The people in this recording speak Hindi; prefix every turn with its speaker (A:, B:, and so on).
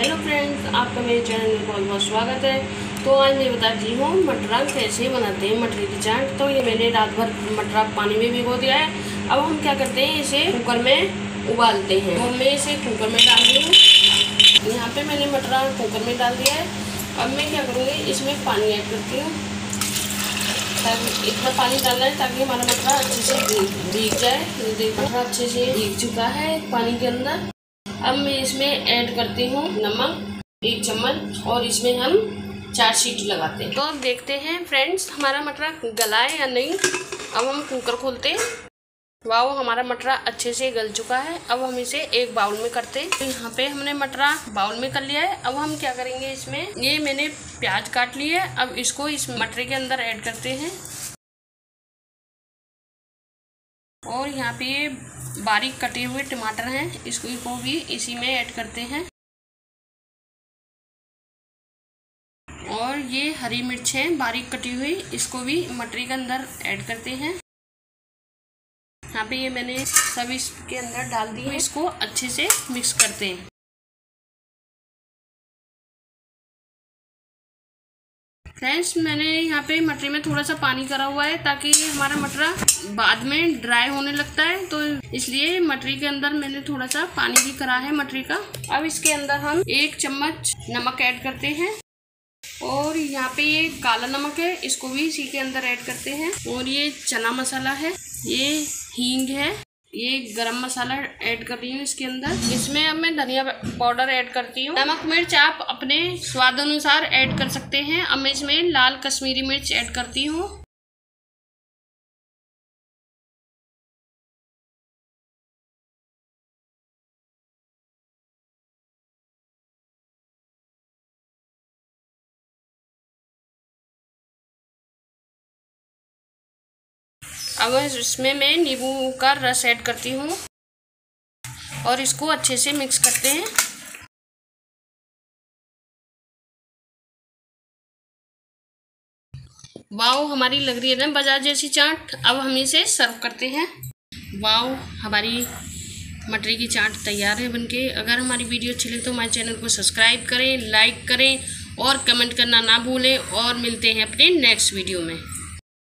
A: हेलो फ्रेंड्स आपका मेरे चैनल में बहुत बहुत स्वागत है तो आज मैं बता रही हूँ मटरा कैसे बनाते हैं मटरी की चाट तो ये मैंने रात भर मटरा पानी में भिगो दिया है अब हम क्या करते हैं इसे कुकर में उबालते हैं तो मैं इसे कुकर में डाल रही हूँ यहाँ पे मैंने मटरा कुकर में डाल दिया है अब मैं क्या करूँगी इसमें पानी ऐड करती हूँ इतना पानी डालना है ताकि हमारा मटरा अच्छे से भीग जाए देखो मटरा अच्छे से भीग चुका है पानी के अंदर अब मैं इसमें ऐड करती हूँ नमक एक चम्मच और इसमें हम चार सीट लगाते हैं तो अब देखते हैं फ्रेंड्स हमारा मटरा गला है या नहीं अब हम कुकर खोलते हैं वाओ हमारा मटरा अच्छे से गल चुका है अब हम इसे एक बाउल में करते हैं तो यहाँ पे हमने मटरा बाउल में कर लिया है अब हम क्या करेंगे इसमें ये मैंने प्याज काट लिया है अब इसको इस मटरे के
B: अंदर ऐड करते हैं और यहाँ पे ये बारीक कटे हुए टमाटर हैं इसको भी इसी में ऐड करते हैं और ये हरी मिर्च है बारीक कटी हुई इसको भी मटरी के अंदर ऐड करते हैं यहाँ पे ये मैंने सब इसके अंदर डाल दी है इसको अच्छे से मिक्स करते हैं फ्रेंड्स मैंने यहाँ पे
A: मटर में थोड़ा सा पानी करा हुआ है ताकि हमारा मटरा बाद में ड्राई होने लगता है तो इसलिए मटरी के अंदर मैंने थोड़ा सा पानी भी करा है मटरी का अब इसके अंदर हम एक चम्मच नमक ऐड करते हैं और यहाँ पे ये काला नमक है इसको भी इसी के अंदर ऐड करते हैं और ये चना मसाला है ये हींग है ये गरम मसाला ऐड कर रही हूँ इसके अंदर इसमें अब मैं धनिया पाउडर ऐड करती हूँ नमक मिर्च आप अपने स्वाद अनुसार ऐड कर सकते हैं अब मैं इसमें लाल कश्मीरी मिर्च ऐड
B: करती हूँ
C: अब इसमें मैं नींबू का रस ऐड करती हूँ और इसको अच्छे से मिक्स करते हैं
A: वाओ हमारी लग रही है ना बाजार जैसी चाट अब हम इसे सर्व करते हैं वाओ हमारी मटरी की चाट तैयार है बनके अगर हमारी वीडियो अच्छी लगे तो हमारे चैनल को सब्सक्राइब करें लाइक करें और कमेंट करना ना भूलें और मिलते हैं अपने नेक्स्ट
B: वीडियो में